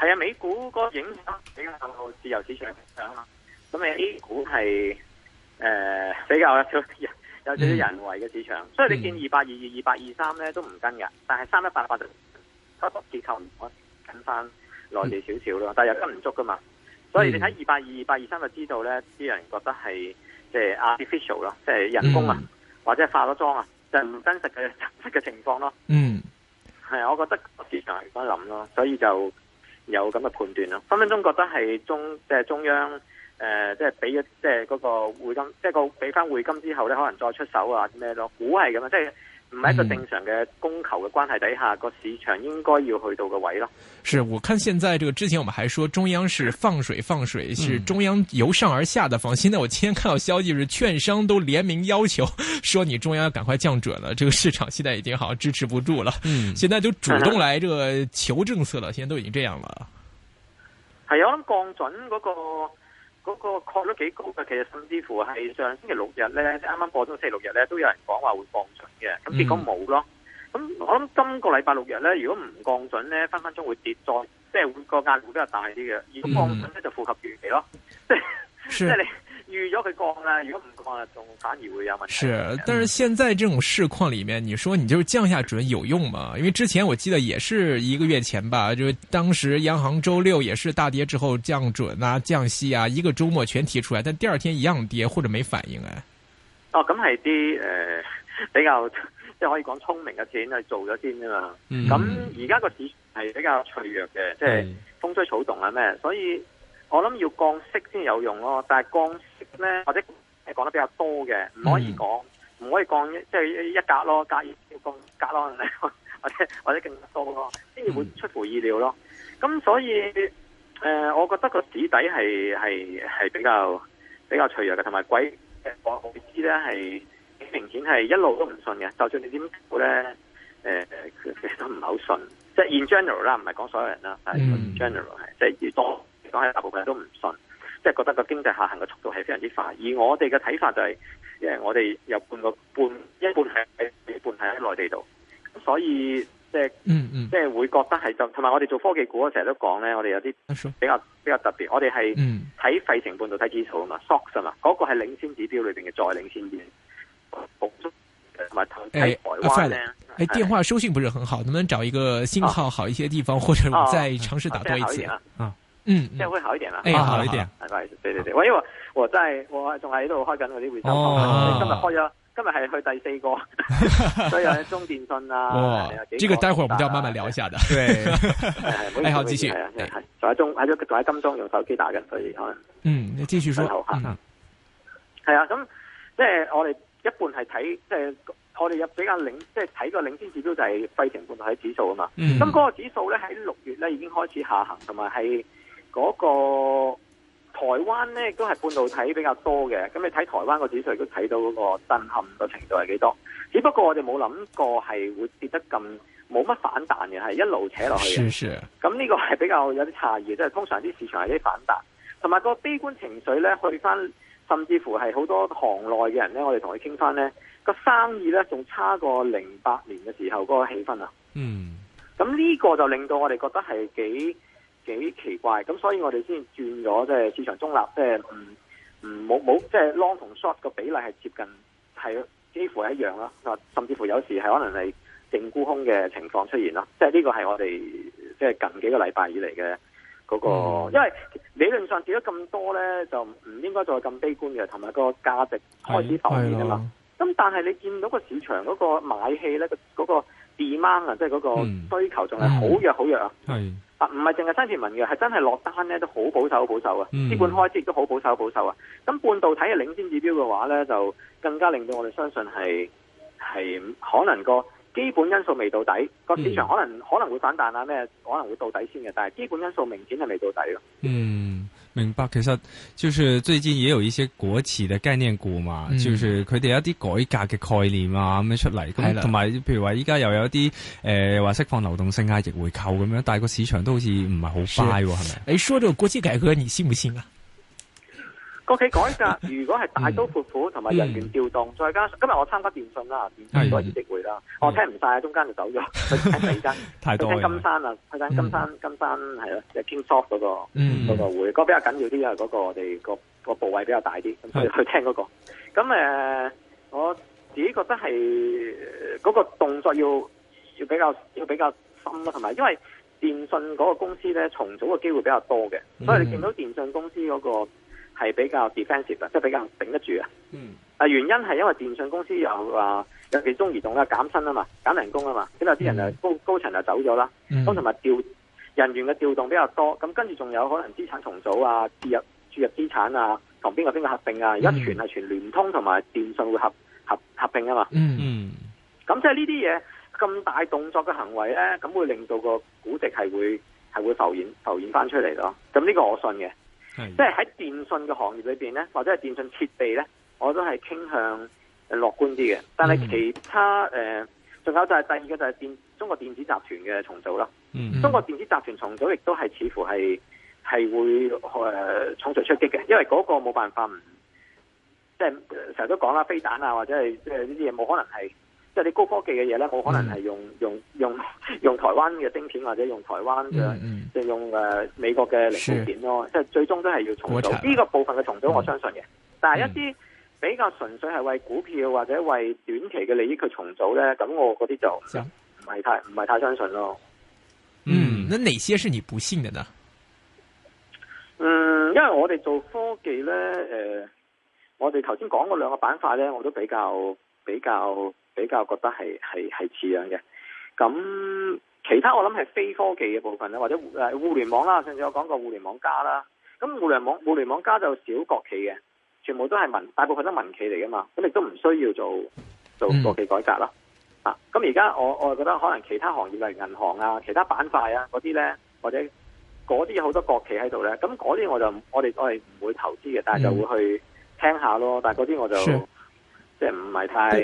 係啊，美股嗰個影響比較自由市場嘅影響啊。咁你 A 股係誒、呃、比較有有少少人為嘅市場，嗯、所以你見二八二二、二八二三咧都唔跟嘅，但係三一八八就嗰個結構唔可跟翻內地少少咯。但係又跟唔足噶嘛，所以你睇二八二二、二八二三就知道咧，啲人覺得係即係 artificial 咯，即係人工啊，嗯、或者化咗妝啊，就係唔真實嘅真實嘅情況咯。嗯，係啊，我覺得個市場係咁諗咯，所以就。有咁嘅判斷咯，分分鐘覺得係中即係、就是、中央誒，即係俾咗即係嗰個匯金，即係個俾翻匯金之後咧，可能再出手啊咩咯，股係咁樣，即係。唔係一個正常嘅供求嘅關係底下，個市場應該要去到個位咯。是，我看現在這個之前我們還說中央是放水，放水是中央由上而下的放。現在我今天看到消息，是券商都聯名要求，說你中央要趕快降準了，這個市場現在已經好像支持不住了。嗯，現在就主動來這個求政策了。現在都已經這樣了。係，我諗降準嗰、那個。嗰個確率幾高嘅，其實甚至乎係上星期六日咧，啱啱過咗星期六日咧，都有人講話會降準嘅，咁結果冇咯。咁我諗今個禮拜六日咧，如果唔降準咧，分分鐘會跌，再即係個壓力會比較大啲嘅。如果降準咧就符合預期咯，即係即係你。預咗佢降啦，如果唔降啊，仲，反而會有問題。是，但是現在這種市況裏面，你說你就是降下準有用嗎？因為之前我記得也是一個月前吧，就當時央行周六也是大跌之後降準啊、降息啊，一個周末全提出來，但第二天一樣跌或者沒反應啊。哦，咁係啲誒比較即係可以講聰明嘅錢去做咗先啊嘛。咁而家個市係比較脆弱嘅，即係風吹草動啊咩，嗯、所以我諗要降息先有用咯。但係降息咧或者你講得比較多嘅，唔可以講，唔、嗯、可以降即係一格咯，格要跳咁格咯，或者或者更多咯，先會出乎意料咯。咁、嗯、所以誒、呃，我覺得個底底係係係比較比較脆弱嘅，同埋鬼講股資咧係明顯係一路都唔信嘅，就算你點估咧誒其實都唔係好信。即、就、係、是、in general 啦，唔係講所有人啦，係 in general 係即係越多講係大部分人都唔信。即係覺得個經濟下行嘅速度係非常之快，而我哋嘅睇法就係、是，因為我哋有半個半一半係喺一半係喺內地度，所以即係嗯嗯，嗯即係會覺得係就同埋我哋做科技股，我成日都講咧，我哋有啲比較比較，比較特別，我哋係睇費城半導體指數嘛，SOX、嗯、嘛，嗰、那個係領先指標裏邊嘅再領先點，同埋投喺台灣咧。誒，電話收信不是很好，哎、能唔能找一個信號好一些地方，啊、或者我再嘗試打多一次？啊。啊啊嗯，即係會好一點啦，好一點，係咪？對對對，因為我我真係我仲喺度開緊我啲回收房，今日開咗，今日係去第四個，所以喺中電信啊，哦，這個待會兒我們就要慢慢聊一下的，對，係好，繼續，係仲喺中，喺仲喺金鐘用手機打緊佢，嗯，你繼續說好係啊，咁即係我哋一半係睇，即係我哋入比較領，即係睇個領先指標就係費城半導體指數啊嘛，咁嗰個指數咧喺六月咧已經開始下行，同埋係。嗰個台灣咧，亦都係半導體比較多嘅。咁你睇台灣個指數，亦都睇到嗰個震撼個程度係幾多？只不過我哋冇諗過係會跌得咁冇乜反彈嘅，係一路扯落去嘅。是是。咁呢個係比較有啲差異，即係通常啲市場係啲反彈，同埋個悲觀情緒咧去翻，甚至乎係好多行內嘅人咧，我哋同佢傾翻咧，個生意咧仲差過零八年嘅時候嗰個氣氛啊。嗯。咁呢個就令到我哋覺得係幾，幾奇怪，咁所以我哋先轉咗，即係市場中立，即係唔唔冇冇，即係 long 同 short 嘅比例係接近，係幾乎係一樣啦。甚至乎有時係可能係淨沽空嘅情況出現啦。即係呢個係我哋即係近幾個禮拜以嚟嘅嗰個，哦、因為理論上跌咗咁多咧，就唔應該再咁悲觀嘅，同埋個價值開始浮現啊嘛。咁是的 但係你見到個市場嗰個買氣咧，嗰個。Demand 啊，即係嗰個需求仲係好弱好、嗯、弱啊！係啊是，唔係淨係新市民嘅，係真係落單咧都好保守保守啊！嗯、資本開支亦都好保守保守啊！咁半導體嘅領先指標嘅話咧，就更加令到我哋相信係係可能個基本因素未到底，個市場可能、嗯、可能會反彈啊咩，可能會到底先嘅，但係基本因素明顯係未到底咯。嗯。明白，其實就是最近也有一些國企的概念股嘛，嗯、就是佢哋有一啲改革嘅概念啊咁樣出嚟，咁同埋譬如話依家又有一啲誒話釋放流動性啊，逆回購咁樣，但係個市場都好似唔係好快，係咪的？吧你說到國企改革，你信唔信啊？國企改革，如果係大刀闊斧同埋人員調動，嗯嗯、再加上今日我參加電信啦，電信嗰個業績會啦，我、嗯哦、聽唔曬，中間就走咗 去聽第二間，太多啦。聽金山啊，嗯、金山、金山、金山係咯，就 Kingsoft 嗰、那個嗰、嗯、個會，嗰、那個比較緊要啲啊，嗰、那個我哋、那個那個那個部位比較大啲，咁所以去聽嗰、那個。咁誒、嗯那個，我自己覺得係嗰、那個動作要要比較要比較深啦同埋因為電信嗰個公司咧，重組嘅機會比較多嘅，所以你見到電信公司嗰、那個。係比較 defensive，即係比較頂得住啊！嗯，啊原因係因為電信公司有話，尤其是中移動咧減薪啊嘛，減人工啊嘛，咁有啲人就高、嗯、高層就走咗啦，咁同埋調人員嘅調動比較多，咁跟住仲有可能資產重組啊，注入注入資產啊，同邊個邊個合併啊？而家全係全聯通同埋電信會合合合併啊嘛嗯，嗯，咁即係呢啲嘢咁大動作嘅行為咧，咁會令到個估值係會係會浮現浮現翻出嚟咯。咁呢個我信嘅。即係喺電信嘅行業裏邊咧，或者係電信設備咧，我都係傾向誒樂觀啲嘅。但係其他誒，仲、呃、有就係、是、第二個就係電中國電子集團嘅重組啦。中國電子集團重組亦都係似乎係係會誒、呃、重錘出擊嘅，因為嗰個冇辦法唔即係成日都講啦，飛彈啊或者係即係呢啲嘢冇可能係。即係高科技嘅嘢咧，我可能係用、嗯、用用用台灣嘅晶片，或者用台灣嘅即係用誒、呃、美國嘅零件咯。是即係最終都係要重組呢產個部分嘅重組，我相信嘅。嗯、但係一啲比較純粹係為股票或者為短期嘅利益去重組咧，咁我嗰啲就唔係太唔係想太相信咯。嗯，嗯那哪些是你不信的呢？嗯，因為我哋做科技咧，誒、呃，我哋頭先講嗰兩個板塊咧，我都比較比較。比較覺得係係係似樣嘅，咁其他我諗係非科技嘅部分咧，或者誒互聯網啦，上次我講過互聯網加啦，咁互聯網互聯網加就少國企嘅，全部都係民，大部分都係民企嚟噶嘛，咁亦都唔需要做做國企改革啦，嗯、啊，咁而家我我覺得可能其他行業例如銀行啊、其他板塊啊嗰啲咧，或者嗰啲有好多國企喺度咧，咁嗰啲我就我哋我哋唔會投資嘅，但係就會去聽下咯，嗯、但係嗰啲我就。即係唔係太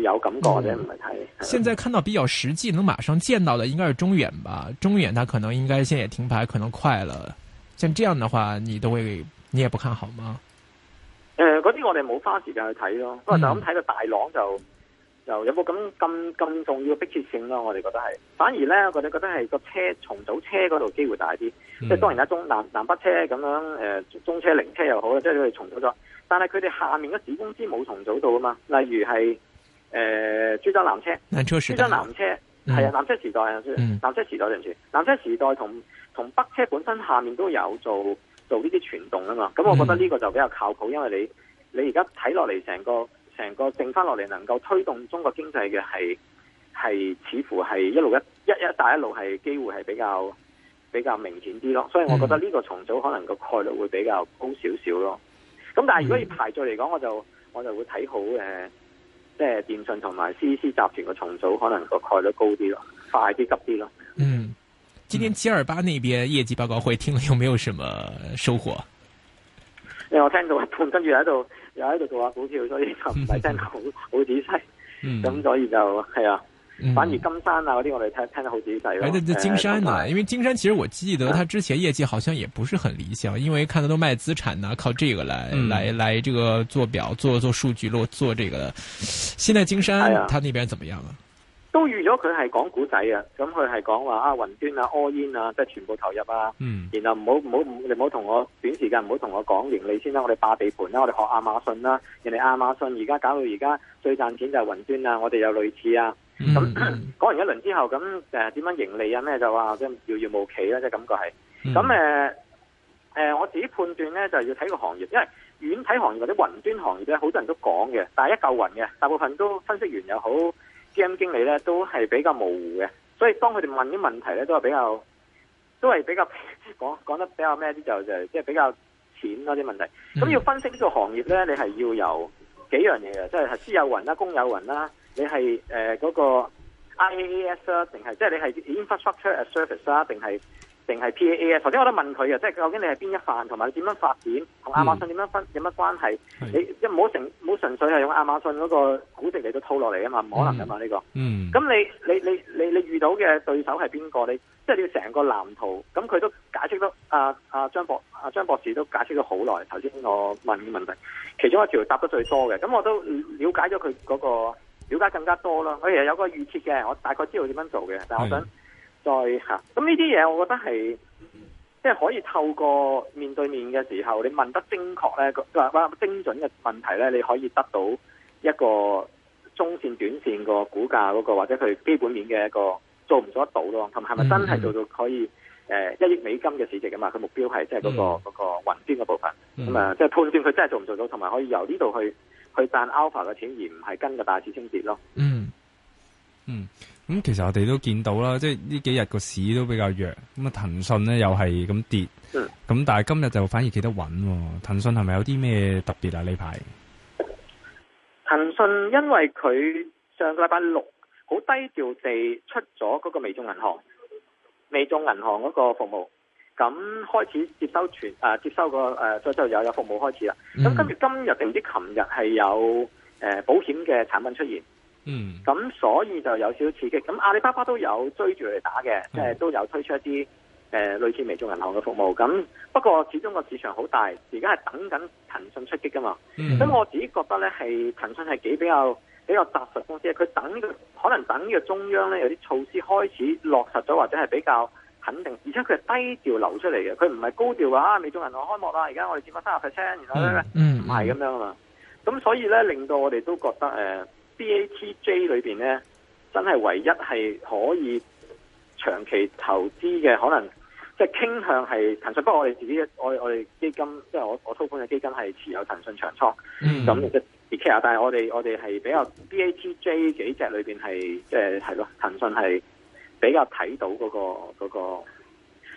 有感覺，或者唔係太……嗯、現在看到比較實際，能馬上見到的，應該是中遠吧。中遠，他可能應該先也停牌，可能快了。像這樣的話，你都會，你也不看好嗎？誒、嗯，嗰啲我哋冇花時間去睇咯，不過就咁睇個大浪就。就有冇咁咁咁重要嘅迫切性咯？我哋覺得係，反而咧，我哋覺得係個車重組車嗰度機會大啲，即係、嗯、當然啦，中南南北車咁樣、呃、中重車零車又好啦，即係佢哋重組咗。但係佢哋下面嘅子公司冇重組到啊嘛，例如係誒株洲南車，株洲南，南車係、嗯、啊，南車時代啊，南車時代對唔、嗯、南，南車時代同同北車本身下面都有做做呢啲傳動啊嘛，咁我覺得呢個就比較靠譜，嗯、因為你你而家睇落嚟成個。成個剩翻落嚟能夠推動中國經濟嘅係係似乎係一路一一一帶一路係機會係比較比較明顯啲咯，所以我覺得呢個重組可能個概率會比較高少少咯。咁但係如果要排序嚟講，我就我就會睇好誒，即係電信同埋 C C 集團嘅重組，可能個概率高啲咯，快啲急啲咯。嗯，今天七二八嗰邊業績報告會聽了有沒有什麼收穫？因為、嗯、我聽到，跟住又喺度又喺度做下股票，所以就唔係聽得好 好仔細，咁、嗯、所以就係啊。反而金山啊嗰啲我哋聽聽得好仔細。誒、哎，即係金山啊，呃、因為金山其實我記得他之前業績好像也不是很理想，因為看佢都賣資產啊，靠這個來、嗯、來來這個做表、做做數據、做做這個。現在金山，哎、呀他那邊怎麼樣啊？都預咗佢係講古仔啊！咁佢係講話啊，雲端啊、all in 啊，即係全部投入啊，嗯、然後唔好唔好，你唔好同我短時間唔好同我講盈利先啦，我哋霸地盤啦，我哋學亞馬遜啦，人哋亞馬遜而家搞到而家最賺錢就係雲端啊，我哋有類似啊。咁講完一輪之後，咁誒點樣盈利啊？咩就話即係遙遙無期啦，即係感覺係。咁誒誒，我自己判斷咧，就係要睇個行業，因為軟體行業或者雲端行業咧，好多人都講嘅，但係一嚿雲嘅，大部分都分析員又好。GM 經理咧都係比較模糊嘅，所以當佢哋問啲問題咧都係比較，都係比較講講得比較咩啲就是，就即係比較淺嗰啲問題。咁要分析呢個行業咧，你係要有幾樣嘢嘅，即係係私有雲啦、公有雲啦，你係誒嗰個 I A S 啦、啊，定係即係你係 Infrastructure as Service 啦、啊，定係。定係 P A A 啊！頭先我都問佢啊，即係究竟你係邊一範，同埋你點樣發展，同亞馬遜點樣、嗯、樣分，有乜關係？是你即係唔好成唔好純粹係用亞馬遜嗰個估值嚟到套落嚟啊嘛，唔可能噶嘛呢個。嗯，咁你你你你你遇到嘅對手係邊個？你即係、就是、你要成個藍圖，咁佢都解釋得阿啊，啊張博啊張博士都解釋咗好耐。頭先我問嘅問題，其中一條答得最多嘅，咁我都了解咗佢嗰個，瞭解更加多啦。我其實有個預設嘅，我大概知道點樣做嘅，但係我想。再嚇，咁呢啲嘢，我覺得係即係可以透過面對面嘅時候，你問得精確咧，或精準嘅問題咧，你可以得到一個中線、短線個股價嗰個或者佢基本面嘅一個做唔做得到咯？同係咪真係做到可以誒一億美金嘅市值㗎嘛？佢目標係即係嗰個嗰個雲端嘅部分，咁啊，即係判斷佢真係做唔做到，同埋可以由呢度去去賺 alpha 嘅錢，而唔係跟個大市升跌咯。嗯，嗯。咁其實我哋都見到啦，即係呢幾日個市都比較弱，咁啊騰訊呢又係咁跌，咁、嗯、但係今日就反而企得穩。騰訊係咪有啲咩特別啊？呢排騰訊因為佢上個禮拜六好低調地出咗嗰個微眾銀行、微眾銀行嗰個服務，咁開始接收全啊接收個誒再收有有服務開始啦。咁、嗯、今今日定唔知琴日係有誒、呃、保險嘅產品出現。嗯，咁所以就有少少刺激。咁阿里巴巴都有追住嚟打嘅，即係、嗯、都有推出一啲誒、呃、類似微眾銀行嘅服務。咁不過始終個市場好大，而家係等緊騰訊出擊噶嘛。咁、嗯、我自己覺得咧，係騰訊係幾比較比較紮實公司嘅。佢等可能等呢個中央咧有啲措施開始落實咗，或者係比較肯定，而且佢係低調流出嚟嘅。佢唔係高調話啊，微眾銀行開幕啦！而家我哋佔翻三十 percent，然後咧，嗯，唔係咁樣啊嘛。咁所以咧，令到我哋都覺得誒。呃 B A T J 裏邊咧，真係唯一係可以長期投資嘅，可能即係傾向係騰訊。不過我哋自己，我我哋基金，即係我我操盤嘅基金係持有騰訊長倉，咁都亦 care。但係我哋我哋係比較 B A T J 幾隻裏邊係，即係係咯，騰訊係比較睇到嗰個嗰個。那個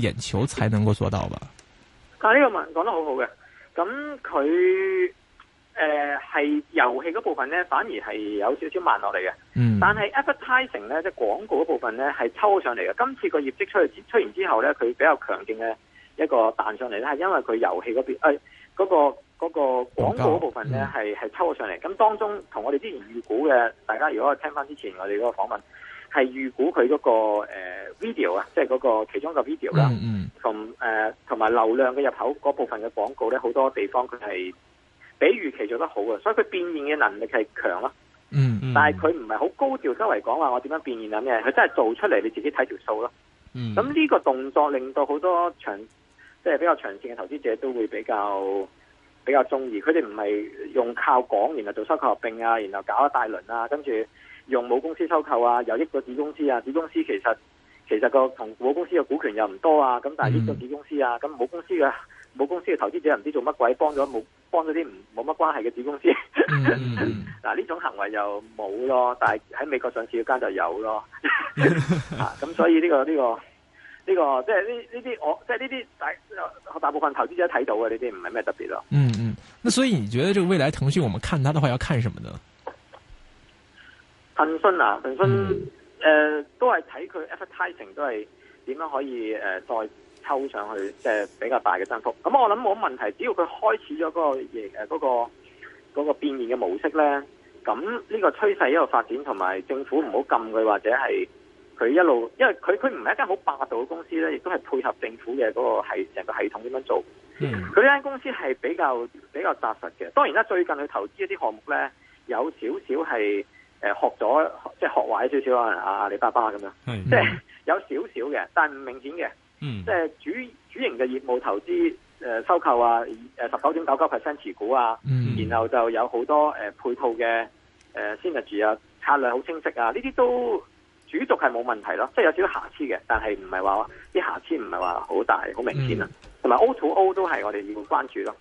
眼球才能夠做到吧？但係呢個問講得很好好嘅，咁佢誒係遊戲嗰部分咧，反而係有少少慢落嚟嘅。嗯，但係 advertisement 咧，即係廣告嗰部分咧，係抽上嚟嘅。今次個業績出嚟出完之後咧，佢比較強勁嘅一個彈上嚟咧，係因為佢遊戲嗰邊誒嗰個嗰個廣告嗰部分咧，係係抽咗上嚟。咁當中同我哋之前預估嘅，大家如果聽翻之前我哋嗰個訪問。係預估佢嗰個、呃、video 啊，即係嗰個其中一個 video 啦、嗯，同誒同埋流量嘅入口嗰部分嘅廣告咧，好多地方佢係比預期做得好嘅，所以佢變現嘅能力係強咯、嗯。嗯，但係佢唔係好高調周圍講話我點樣變現啊嘅，佢真係做出嚟你自己睇條數咯。嗯，咁呢個動作令到好多長即係比較長線嘅投資者都會比較。比較中意佢哋唔係用靠港，然後做收購合併啊，然後搞一大輪啊，跟住用母公司收購啊，又益咗子公司啊，子公司其實其實個同母公司嘅股權又唔多啊，咁但係益咗子公司啊，咁、嗯、母公司嘅母公司嘅投資者唔知做乜鬼幫咗冇幫咗啲冇乜關係嘅子公司，嗱，呢種行為又冇咯，但係喺美國上市嘅間就有咯， 啊咁所以呢個呢個。這個呢、這個即係呢呢啲我即係呢啲大大部分投資者睇到嘅呢啲唔係咩特別咯、嗯。嗯嗯，咁所以你覺得這個未來騰訊，我們看它的話要看什麼呢？騰訊啊，騰訊誒，都係睇佢 Advertising 都係點樣可以誒、呃、再抽上去，即、呃、係比較大嘅增幅。咁、嗯、我諗冇問題，只要佢開始咗嗰、那個嘢誒，呃那個、那個那個變現嘅模式咧，咁呢個趨勢一路發展，同埋政府唔好禁佢或者係。佢一路，因為佢佢唔係一間好霸道嘅公司咧，亦都係配合政府嘅嗰、個係成個系統點樣做。佢呢間公司係比較比較紮實嘅。當然啦，最近佢投資一啲項目咧，有少少係誒、呃、學咗，即係學壞少少啊！阿阿里巴巴咁樣，嗯、即係有少少嘅，但係唔明顯嘅。嗯、即係主主營嘅業務投資、呃、收購啊，誒十九點九九 percent 持股啊，嗯、然後就有好多、呃、配套嘅誒、呃、synergy 啊，策略好清晰啊，呢啲都。主軸係冇問題咯，即係有少少瑕疵嘅，但係唔係話啲瑕疵唔係話好大好明顯啊。同埋、嗯、O to O 都係我哋要關注咯。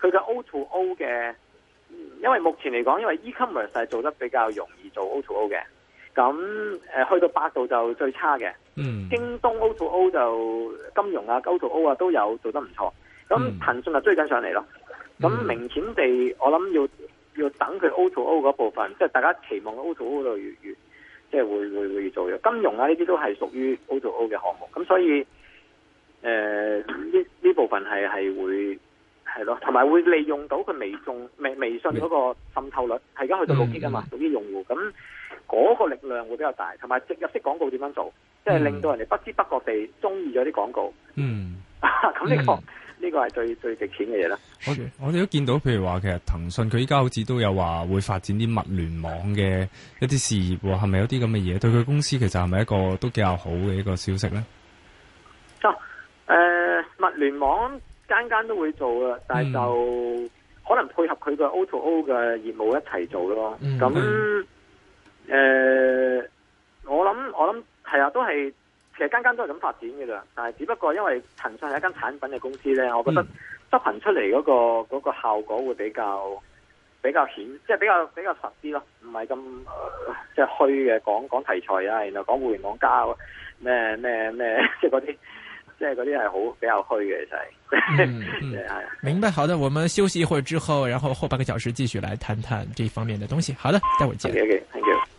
佢嘅 O to O 嘅，因為目前嚟講，因為 E-commerce 係做得比較容易做 O to O 嘅。咁誒、呃、去到百度就最差嘅。嗯。京東 O to O 就金融啊，O to O 啊都有做得唔錯。咁騰訊就追緊上嚟咯。咁明顯地，我諗要要等佢 O to O 嗰部分，即係大家期望 O to O 度越嚟越，越即係會會會做嘅，金融啊呢啲都係屬於 O to O 嘅項目，咁所以誒呢呢部分係係會係咯，同埋會利用到佢微眾微微信嗰個滲透率，係而家去到六億㗎嘛，六億用戶，咁嗰個力量會比較大，同埋植入式廣告點樣做，即係令到人哋不知不覺地中意咗啲廣告嗯 嗯，嗯，咁呢個。呢個係最最值錢嘅嘢啦！我我哋都見到，譬如話，其實騰訊佢依家好似都有話會發展啲物聯網嘅一啲事業喎，係咪有啲咁嘅嘢？對佢公司其實係咪一個都比較好嘅一個消息咧？啊，誒、呃，物聯網間間都會做的，但係就可能配合佢嘅 O to O 嘅業務一齊做咯。咁誒，我諗我諗係啊，都係。其實間間都係咁發展嘅啦，但係只不過因為騰訊係一間產品嘅公司咧，我覺得執行出嚟嗰個嗰個效果會比較比較顯，即係比較比較實啲咯，唔係咁即係虛嘅講講題材啊，然後講互聯網加咩咩咩，即係嗰啲即係嗰啲係好比較虛嘅，其實係。嗯， 明白。好的，我們休息一會之後，然後後半個小時繼續來談談這方面的東西。好的，待會見。Okay, okay, thank you.